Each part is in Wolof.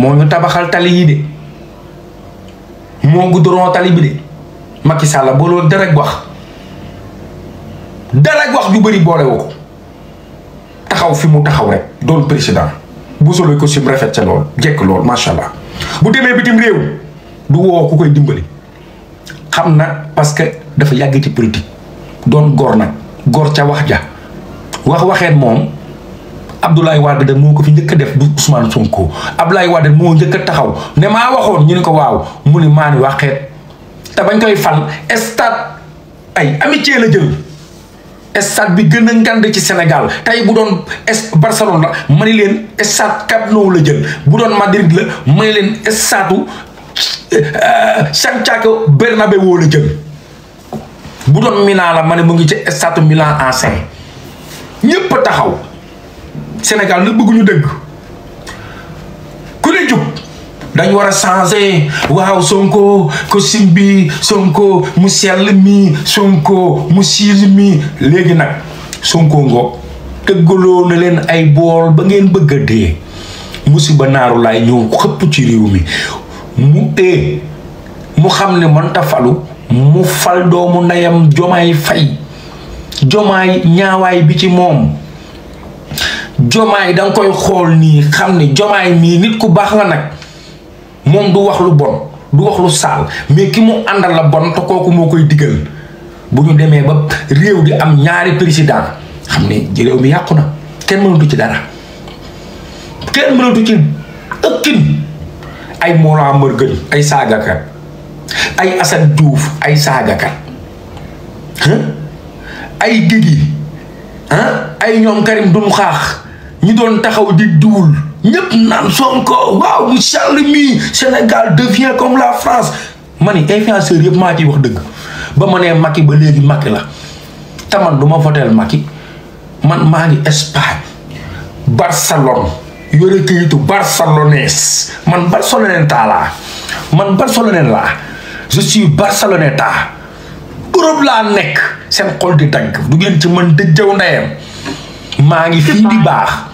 moo ñu tabaxal tali yi de moo goudron tali bi de Macky Sall ba loolu dara wax dara wax ju bëri boole ko taxaw fi mu taxaw rek doon président bu solo ko sim rafet ca lool jekk lool macha allah bu demee bitim réew du woo ku koy dimbali xam na parce que dafa yàgg ci politique doon góor nag góor ca wax ja wax waxeen moom. Abdoulaye Wade moo ko fi njëkk def du Ousmane Sonko Abdoulaye Wade moo njëkk taxaw ne maa waxoon ñu ne ko waaw mu ni maa ni waxeet te bañ koy fal stade ay amitié la jël stade bi gën a ngand ci senegal tey bu doon Barcelone la ma leen stade Camp Nou la jël bu doon Madrid la ma ni leen stade euh, Santiago Bernabéu la jël bu doon Milan la ma ne mu ngi ci stade Milan ancien ñëpp taxaw. Sénégal nag bëgguñu dëgg ku ne dañ war a changer waaw Sonko costume bi Sonko mu sell mi Sonko mu siil mi léegi nag Sonko ngoo tëggaloo na leen ay bool ba ngeen bëgg a dee musiba naaru lay ñu xëpp ci réew mi mu ee mu xam ne mënta falu mu fal doomu ndeyam jomaay fay jomaay ñaawaay bi ci moom jomaay da nga koy xool nii xam ni jomaay nii nit ku baax la nag moom du wax lu bon du wax lu saal mais ki mu àndal la bon te kooku moo koy digal bu ñu demee ba réew di am ñaari président xam ne réew mi yàqu na kenn mënatu ci dara kenn mënatu ci ëkkin ay Mollah Morgun ay saagakat ay Assane Diouf ay saagakat ay Guédiawaye ay ñoom Karim Xrum xaax ñi doon taxaw di duul ñëpp naan Sonko waaw mu Charles mi Sénégal devient comme la France ma ni influenceurs yëpp maa ciy wax dëgg ba ma nee Macky ba léegi Macky la te man du ma voteel Macky man maa ngi Espagne Barcelone yore këyitu barcelonaise man barceloneta laa man barcelonais laa je suis barceloneta Europe laa nekk seen xol di dagg du ngeen ci mën dëjëw ndeyam maa ngi fii di baax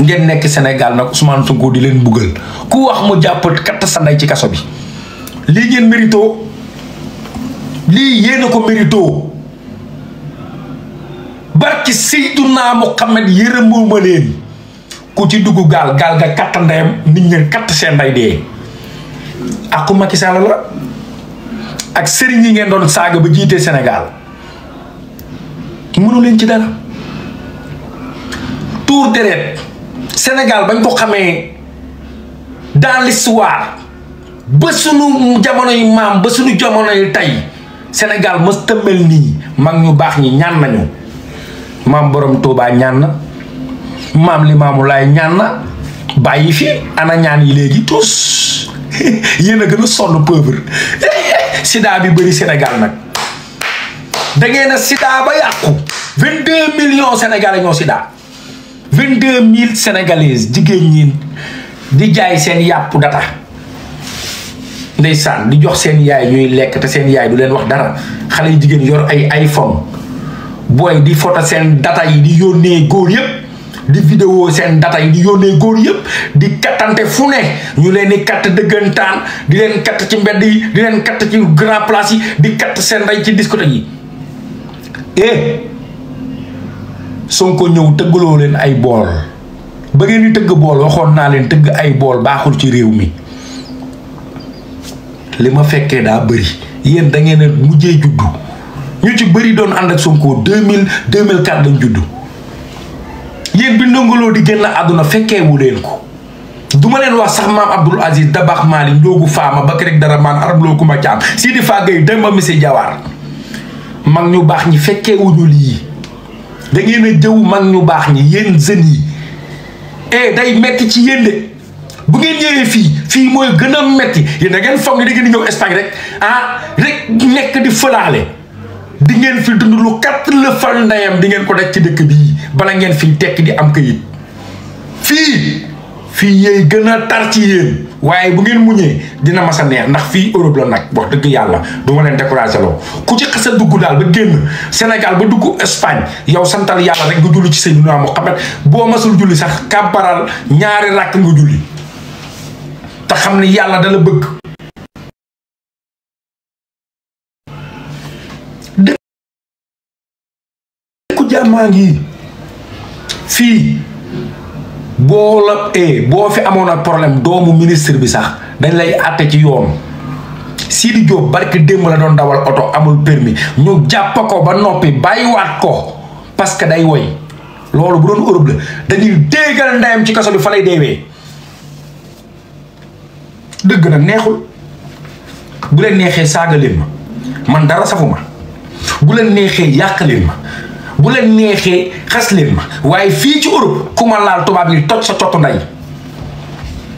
ngeen nekk Sénégal nag Ousmane Sonko di leen buggal ku wax mu jàpp katt sa ndey ci kaso bi lii ngeen mérito lii yéen a ko mérito barki Seydunaa Muhammad yërëmuma leen ku ci dugg gaal gaal ga katt ndeyam nit ñi katt seen ndey dee ak Macky Sall la ak sëriñ yi ngeen doon saaga ba jiitee Sénégal mënu leen ci dara tuur deret Sénégal bañ ko xamee dans l'histoire ba sunu jamono yu maam ba suñu jamono yu tey Sénégal mës tëmmel nii mag ñu baax ñi ñaan nañu maam borom Touba ñaan na maam Limaamu Laay ñaan na bàyyi fi ana ñaan yi léegi tous yéen a gën a sonn pauvre sidaa bi bëri Sénégal nag da ngeen a sida ba yàqu vingt deux millions Sénégalais ñoo sida 22 mille sénégalaises jigéen ñi di jaay seen yàpp data ndeysaan di jox seen yaay ñuy lekk te seen yaay du leen wax dara xale yu jigéen yor ay iPhone booy di photo seen data yi di yónnee góor yëpp. di vidéo seen data yi di yónnee góor yëpp di kattante fu ne ñu leen di katt dëggantaan di leen katt ci mbedd yi di leen katt ci grand place yi di katt seen rey ci discothèque yi eh Sonko ñëw tëggaloo leen ay bool ba ngeen di tëgg bool waxoon naa leen tëgg ay bool baaxul ci réew mi li ma fekkee daa bëri yéen da ngeen mujjee juddu ñu ci bëri doon ànd ak Sonko 2000 2004 lañ juddu yéen bi ndongoloo di génn àdduna fekkeewu leen ko du ma leen wax sax maam Abdoul Aziz Dabax Mali Ndiogu Faama ba rek dara maan arab loo kuma caam Sidi Fagay mi Missé Diawar mag ñu baax ñi fekkeewuñu lii. da ngeen a jëw mag ñu baax ñi yéen jeunes yi e day metti ci yéen de bu ngeen ñëwee fii fii mooy gën a metti yéen da ngeen foog ne ngeen di ñëw Espagne rek ah rek nekk di fëlaale di ngeen fi dund lu kat la fal ndeyam di ngeen ko daj ci dëkk bii bala ngeen fi tekk di am kayit fii fii yéey gën a tar ci yéen waaye bu ngeen muñee dina mas a neex ndax fii Europe la nag wax dëgg yàlla du ma leen découragé loo ku ci xasa dugg daal ba génn Sénégal ba dugg Espagne yow santal yàlla rek nga julli ci Seydina Muhammad boo masul julli sax kàbbaral ñaari ràkk nga julli te xam ne yàlla dala bëgg dëkku jàmmaa ngi fii boo la eh, boo fi amoon ak problème doomu ministre bi sax dañ lay àtte ci yoon Sidi Diop barki démb la doon dawal oto amul permis ñu jàpp ko ba noppi bàyyiwaat ko parce que day woy loolu bu doon Europe la dañuy déggal ndeyam ci kaso bi fa lay deewee dëgg nag neexul bu leen neexee saaga ma man dara safuma bu leen neexee yàq leen ma bu leen neexee xas leen ma waaye fii ci Europe ku ma laal tubaab yi toj sa cottu nday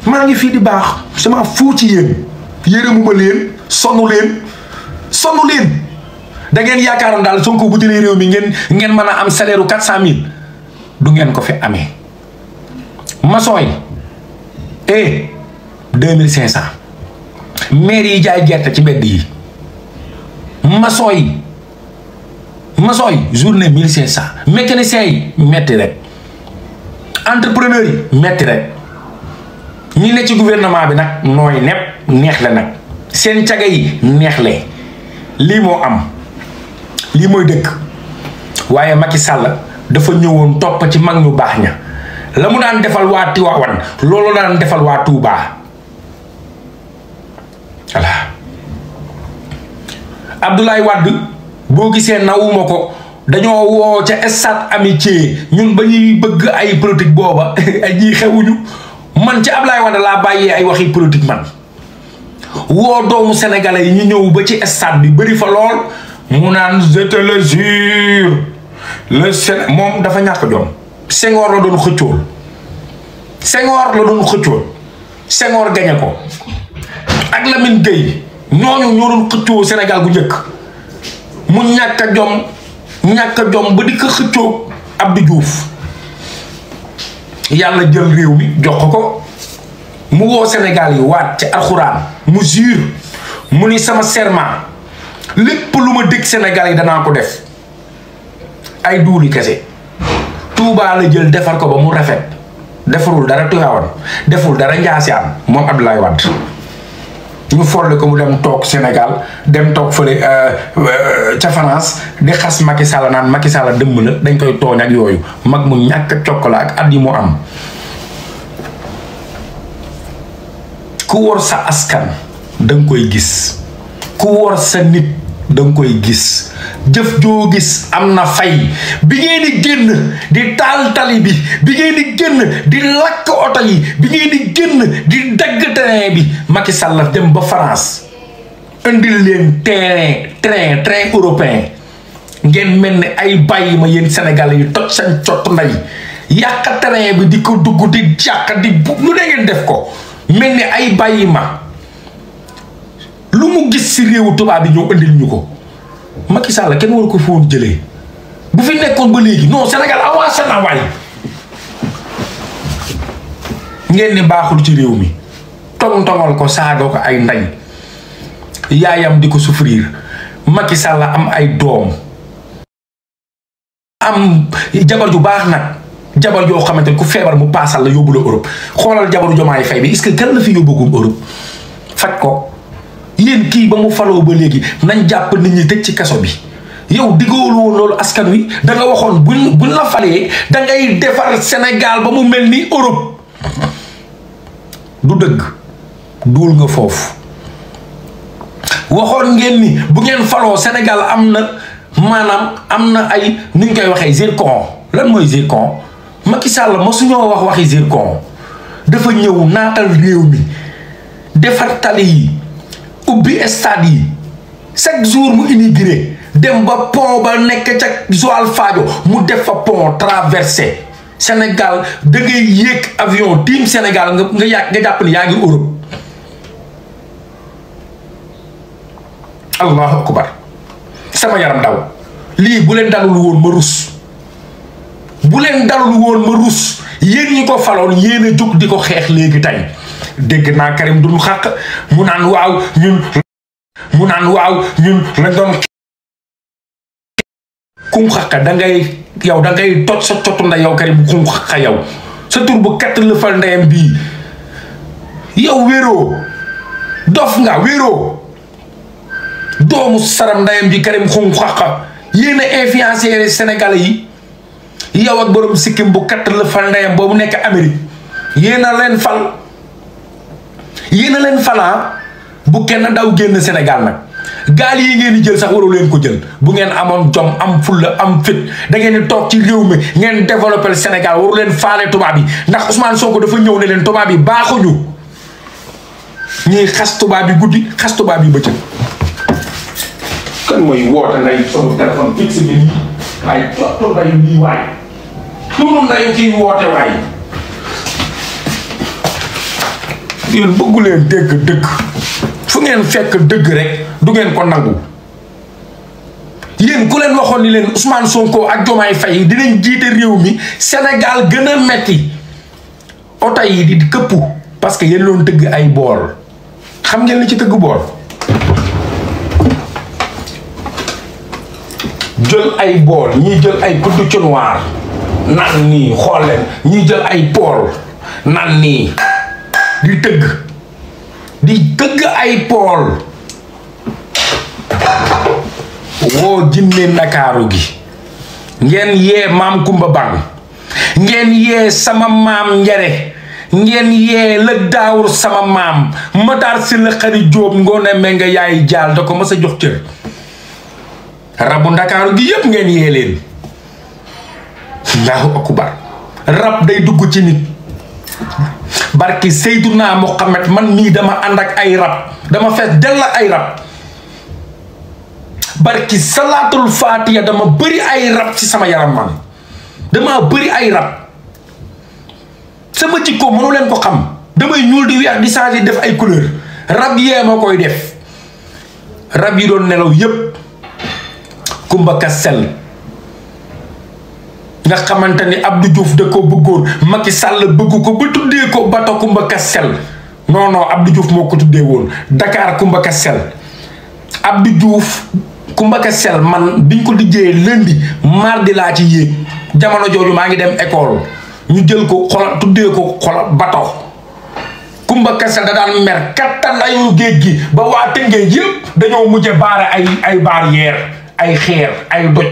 maa ngi fii di baax sama fuu ci yéen yërëmuma leen sonu leen sonu leen da ngeen yaakaaroon daal Sonko bu jëlee réew mi ngeen ngeen mën a am salaire u quatre mile du ngeen ko fi amee maçon yi eh deux mille cinq cent maire yi jaay gerte ci mbedd yi maçon maçon yi journée mille cinq cent mécanicien yi metti rek entrepreneur yi metti rek ñi ne ci gouvernement bi nag nooy nepp neex la nag seen caga yi neex le lii moo am lii mooy dëkk waaye Macky sàll dafa ñëwoon topp ci mag ñu baax ña la mu daan defal waa Tiwaawan loolu daan defal waa Touba voilà Abdoulaye Wade boo gisee nawuma ko dañoo woo ca stade amitié ñun ba ñuy bëgg ay politique booba ay ñii xewuñu man ci Ablaye Wade laa bàyyee ay waxi politique man woo doomu sénégalais yi ñu ñëw ba ci stade bi bëri fa lool mu naan je te le jure moom dafa ñàkk jom Senghor la doon xëccool Senghor la doon xëccool Senghor gañe ko ak Lamine Gueye ñooñu ñoo doon xëccoo Sénégal gu njëkk mu ñàkk a jom ñàkk a jom ba di ko xëccoog Abdou Diouf yàlla jël réew mi jox ko mu woo Sénégal yi waat ci alxuraan mu jur mu ni sama serment lépp lu ma dégg senegal yi danaa ko def ay duuli kese Touba la jël defar ko ba mu rafet defarul dara Tivaouane deful dara Ndiassane moom lay Wade ñu foole ko mu dem toog Sénégal dem toog fële euh, euh, ca France di xas Macky Sall naan Macky Sall la dañ koy tooñ yooyu mag mu ñàkk cokk la ak at yi mu am ku wor sa askan danga koy gis ku wor sa nit da koy gis jëf joo gis am na fay bi ngeen di génn di taal tali bi bi ngeen di génn di bi ngeen di génn di dagg train bi Macky Sall la ba France indil leen terrain train train européen ngeen mel ni ay bàyyi ma yéen Sénégalais yu toj seen cot nday yàq terrain bi di ko dugg di jàq di bu lu ngeen def ko mel ni ay bàyyi ma lu mu gis si réewu tubaab bi ñëw andil ñu ko Macky Sall kenn war ko fi jële bu fi nekkoon ba léegi non Sénégal avancé na waay ngeen ni baaxul ci réew mi tong-tongal ko saagoo ko ay ndañ yaayam di ko sufriir Macky Sall am ay doom am jabar ju baax nag jabar joo xamante ku feebar mu paasal la yóbbu la Europe xoolal jabaru jomaay fay bi est-ce que kan la fi yóbbugum Europe faj ko yéen kii ba mu faloo ba léegi nañ jàpp nit ñi tëj ci kaso bi yow diggoolu woon loolu askan wi da waxoon bu buñ la falee da defar Sénégal ba mu mel nii Europe du dëgg duul nga foofu waxoon ngeen ni bu ngeen faloo Sénégal am na maanaam am na ay nuñ koy waxee zircon lan mooy zircon Macky Sall ma suñoo wax waxi zircon dafa ñëw naatal réew mi defar tali yi ubbi stade yi chaque jour mu inauguré dem ba pont ba nekk ca Joal Fadiouth mu def fa pont traversé Sénégal da ngay yéeg avion team Sénégal nga nga yàgg yaa ngi Europe allahu akbar sama yaram daw lii bu leen dalul woon ma rus bu leen dalul woon ma rus yéen ñi ko faloon yéen a di ko xeex léegi tey dégg naa Karim du lu mu naan waaw ñun mu naan waaw ñun lañ doon kum xaqa da ngay yow da ngay toj sa cotu nda yow Karim kum xaqa yow sa tur bu katt la fal ndeyam bii yow wéeroo dof doomu saram ndeyam bi Karim kum xaqa yéen a influencé Sénégalais yi yow ak borom bu katt la fal ndeyam nekk Amérique yéen leen fal yéen a bu kenn daw génn Sénégal nag gaal yi ngeen di jël sax waru leen ko jël bu ngeen amoon jom am fulla am fit da ngeen di toog ci réew mi ngeen développé le Sénégal waru faale tubaab yi ndax Ousmane Sonko dafa ñëw ne leen tubaab yi baaxuñu ñuy xas tubaab yi guddi xas tubaab yi bëccëg. kan mooy woote nday sama téléphone fixe bi nii waaye cottu nday lii kiy woote waay. yéen bëggu leen dégg dëgg fu ngeen fekk dëgg rek du ngeen ko nangu yéen ku leen waxoon ni leen Ousmane Sonko ak Diomaye fay dinañ jiite réew mi Sénégal gën a metti oto yi di këppu parce que yéen loon tëgg ay bool xam ngeen li ci tëgg bool jël ay bool ñuy jël ay kuddu ci noir nii xool leen ñii jël ay pool naan nii di tëgg di tëgg ay pool woo jinne ndakaaru gi ngeen yee maam Kumba Bang ngeen yee sama maam njare ngeen yee la daawur sama maam mataar si la xari jóob ngoone me nga yaay jaal da ko ma a jox cër rabu ndakaaru gi yépp ngeen yee leen allahu akbar rab day dugg ci nit barki Seydouna Mohamed man mii dama ànd ak ay rab dama fees dell ak ay rab barki salaatul faatiya dama bëri ay rab ci sama yaram man dama bëri ay rab sama jikko mënu ko xam damay ñuul di weex di changé def ay couleur rab yee moo koy def rab yi doon nelaw yépp kumba kasel nga xamante ni Abdou Diouf da ko bëggoon Macky Sall bëgg ko ba tuddee ko bato Kumba Kastel non non Abdou Diouf moo ko tuddee woon Dakar Kumba Kastel Abdou Diouf Kumba Kastel man biñ ko liggéeyee lundi mardi laa ci yéeg jamono jooju maa ngi dem école ñu jël ko xola tuddee ko xola bato Kumba Kastel da daan mer kattan ayu géej gi ba waa Tëngéej yëpp dañoo mujje baare ay ay barrière ay xeer ay doj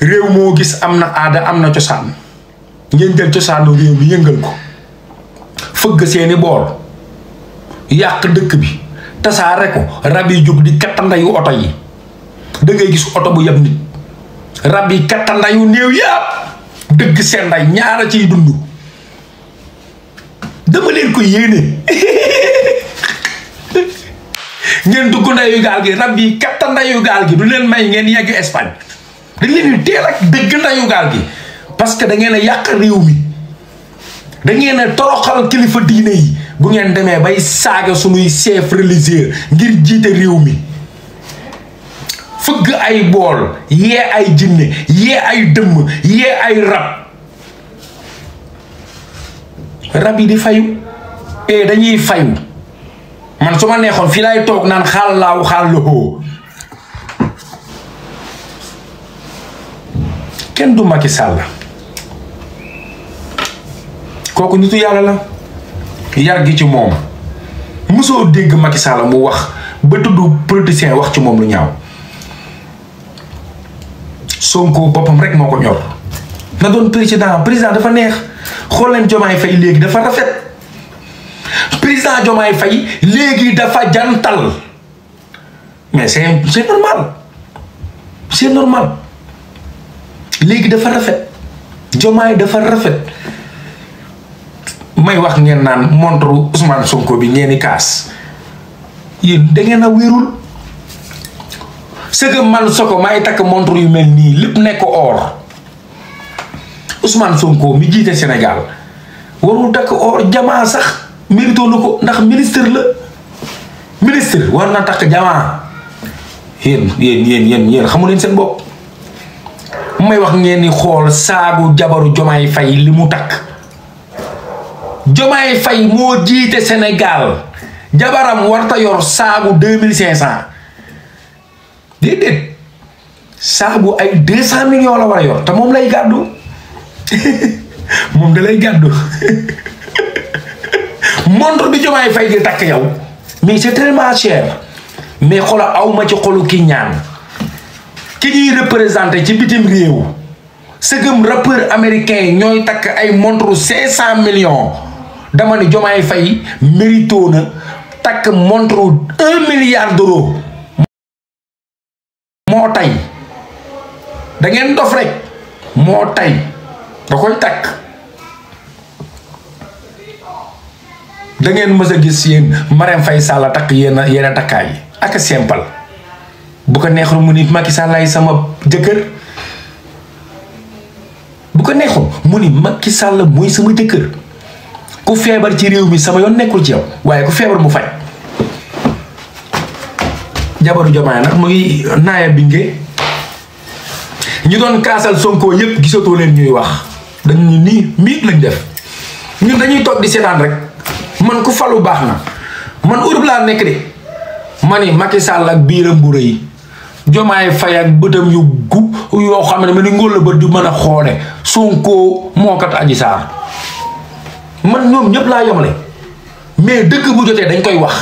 réew moo gis am na aada am na cosaan ngeen jël cosaanu réew mi yëngal ko fëgg seeni bool yàq dëkk bi tasaare ko rab yi jóg di kattandayu oto yi dangay ngay gis oto bu yab nit rab yi kattandayu néew yàpp dëgg seen nday ñaara ciy dund dama leen ko yéene ngeen dugg ndayu gaal gi rab yi kattandayu gaal gi du leen may ngeen yegg Espagne dañ leen di teel ak dëgg ndeyu gaal gi parce que da ngeen a yàq réew mi dangeen ngeen a toroxal kilifa diine yi bu ngeen demee bay saaga sumuy chef religieux ngir jiite réew mi fëgg ay bool yee ay jinne yee ay dëmm yee ay rab rab yi di fayu e dañuy fayu man su ma neexoon fii lay toog naan xaal xaal loxoo kenn du Macky Sall la kooku nitu yàlla la yar gi ci moom mosoo dégg Macky Sall mu wax ba tudd politicien wax ci moom lu ñaaw Sonko boppam rek moo ko ñor na doon président président dafa neex xooleen leen Diomaye Faye léegi dafa rafet président Diomaye Faye léegi dafa jantal mais c'est normal c'est normal léegi dafa rafet yi dafa rafet may wax ngeen naan montre Ousmane Sonko bi ngeen di kaas yéen da ngeen a wérul sëgëm man soko may takk montre yu mel nii lépp nekk or Ousmane Sonko mi jiite Sénégal warul takk or jamaa sax mérito toolu ko ndax ministre la ministre war na takk jamaa yéen yéen yéen yéen yéen xamu leen seen bopp. may wax ngeen ni xool saagu jabaru Jomaay Fay li mu takk Jomaay Fay moo jiite Sénégal jabaram warta yor saagu deux mille cinq cent déedéet saagu ay deux cent millions la war a yor te moom lay gàddu moom da lay gàddu montre bi Jomaay Fay di takk yow mais c'est tellement mais xoolal awma ci xolu ki ñaan ki ñuy représenté ci bitim réew sëgëm rappeur américain ñooy takk ay montre cinq cent millions dama ne Diomaye Faye mérito na takk montre milliard d'euros moo tay da dof rek moo tay da koy takk da ngeen mës a gis yéen Marème Faye Sall takk yenn a yéen a takkaay ak simple bu ko neexul mu ni Macky Sall lay sama jëkkër bu ko neexul mu ni Macky sàll mooy sama jëkkër ku feebar ci réew mi sama yoon nekkul ci yow waaye ku feebar mu faj jabaru jomaay nag mu ngi naaya binge ñu doon kaasal Sonko yépp gisatoo leen ñuy wax dañu nii miit lañ def ñun dañuy toog di seetaan rek man ku falu baax na man Europe laa nekk de ma ni Macky Sall ak biiram bu rëy jomaay fay ak bëtam yu gub yoo xam ne ni ngóor la bët du mën a xoole Sonko mookat Adji Sarr man ñoom ñëpp laa yomale mais dëkk bu jotee dañ koy wax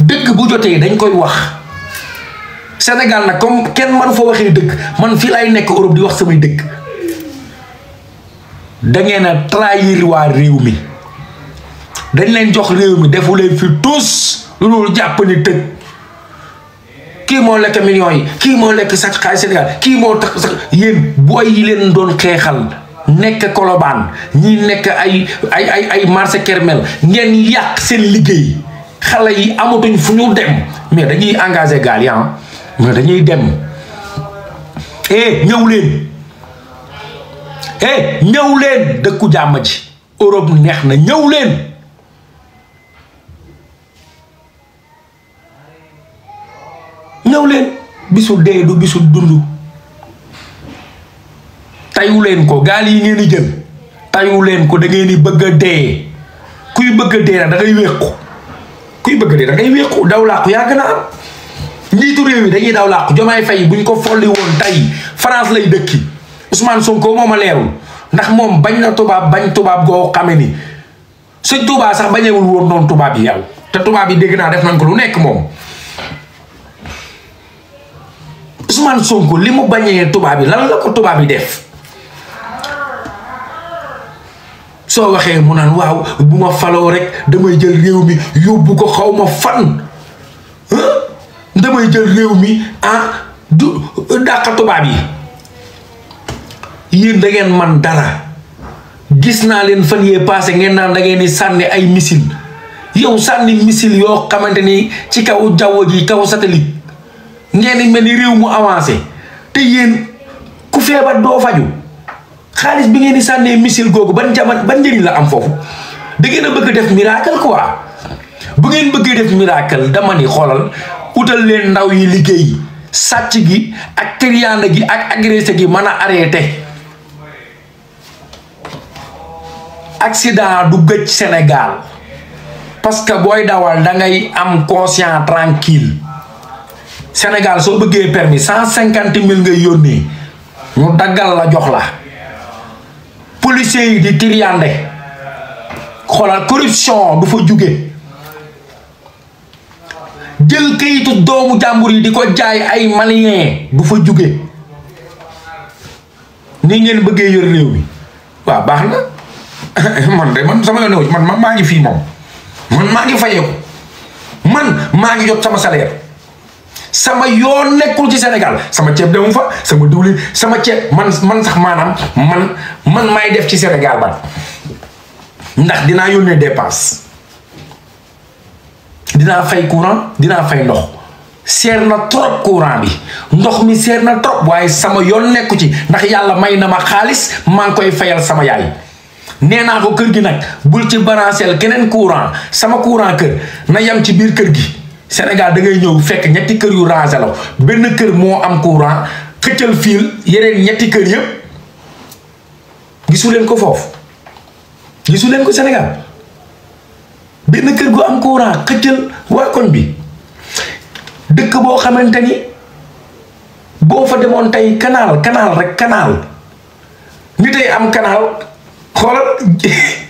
dëkk bu jotee dañ koy wax senegal na comme kenn man foo waxee dëkk man fii laay nekk Europe di wax samay dëkk da ngeen a trahir waa réew mi dañ leen jox réew mi defu leen fi tous lu dul jàpp ni kii moo lekk millions yi kii moo lekk sax xaalis Sénégal kii moo tax sax yéen booy yi leen doon xeexal nekk kolobaan ñi nekk ay ay ay ay marché Kermel ngeen yàq seen liggéey xale yi amatuñ fu ñu dem mais dañuy engagé gaal yi ah, mais dañuy dem eh ñëw leen eh ñëw leen dëkku jàmm ji Europe neex na ñëw leen. ñëw leen bisu dee du bisu dund tayu leen ko gaal yi ngeen di jël tayu leen ko da ngeen bëgg a dee kuy bëgg a dee nag kuy bëgg a dee da daw làqu yaa gën a am dañuy daw làqu jomaay fay ñu ko folli woon tey France lay dëkki Ousmane Sonko moom a leerul ndax moom bañ na tubaab bañ tubaab goo xame ni sëñ tubaab sax bañewul woon noonu tubaab yi yow te tubaab yi dégg naa def nañ ko lu nekk moom Ousmane Sonko li mu bañee tubaab yi lan la ko tubaab yi def soo waxee mu naan waaw bu ma faloo rek damay jël réew mi yóbbu ko xaw ma damay jël réew mi ah du dàq tubaab yi yéen dangeen man dara gis naa leen fan yee passé ngeen naan da ngeen di sànni ay missile yow sànni missile yoo xamante ni ci kaw jaww ji kaw satellite ngeen di mel ni réew mu avancé te yéen ku feebar doo faju xaalis bi ngeen di sànnee missile googu ban jamono ba njëriñ la am foofu da ngeen a bëgg def miracle quoi bu ngeen bëggee def miracle dama ni xoolal utal leen ndaw yi liggéey sàcc gi ak tëriyaande gi ak agressé gi mën a arrêté accident du gëj Sénégal parce que booy dawal da ngay am conscient tranquille Sénégal soo bëggee permis cent cinquante mille ngay yónnee ñu daggal la jox la policiers yi di tiriyande xoolal corruption du fa jóge jël kayitu doomu jàmbur yi di ko jaay ay malien du fa jóge ni ngeen bëggee yor réew mi waa baax na man de man sama yoon man man maa ngi fii moom man maa ngi fayeeku man maa ngi jot sama salaire sama yoon nekkul ci Sénégal sama ceeb demu fa sama diwlin sama ceeb man man sax maanaam man man may def ci Sénégal ban ndax dinaa yónnee dépense dinaa fay courant dinaa fay ndox seer na trop courant bi ndox mi seer na trop waaye sama yoon nekku ci ndax yàlla may na ma xaalis maa ngi koy fayal sama yaay nee naa ko kër gi nag bul ci balanceel keneen courant sama courant kër na yem ci biir kër gi Sénégal da ngay ñëw fekk ñetti kër yu rangé la benn kër moo am courant xëccal fiil yeneen ñetti kër yëpp gisuleen ko foofu gisu leen ko Sénégal benn kër gu am courant xëccal waa koñ bi dëkk boo xamante ni boo fa demoon tey canal canal rek kanaal ñu tey am canal xoolal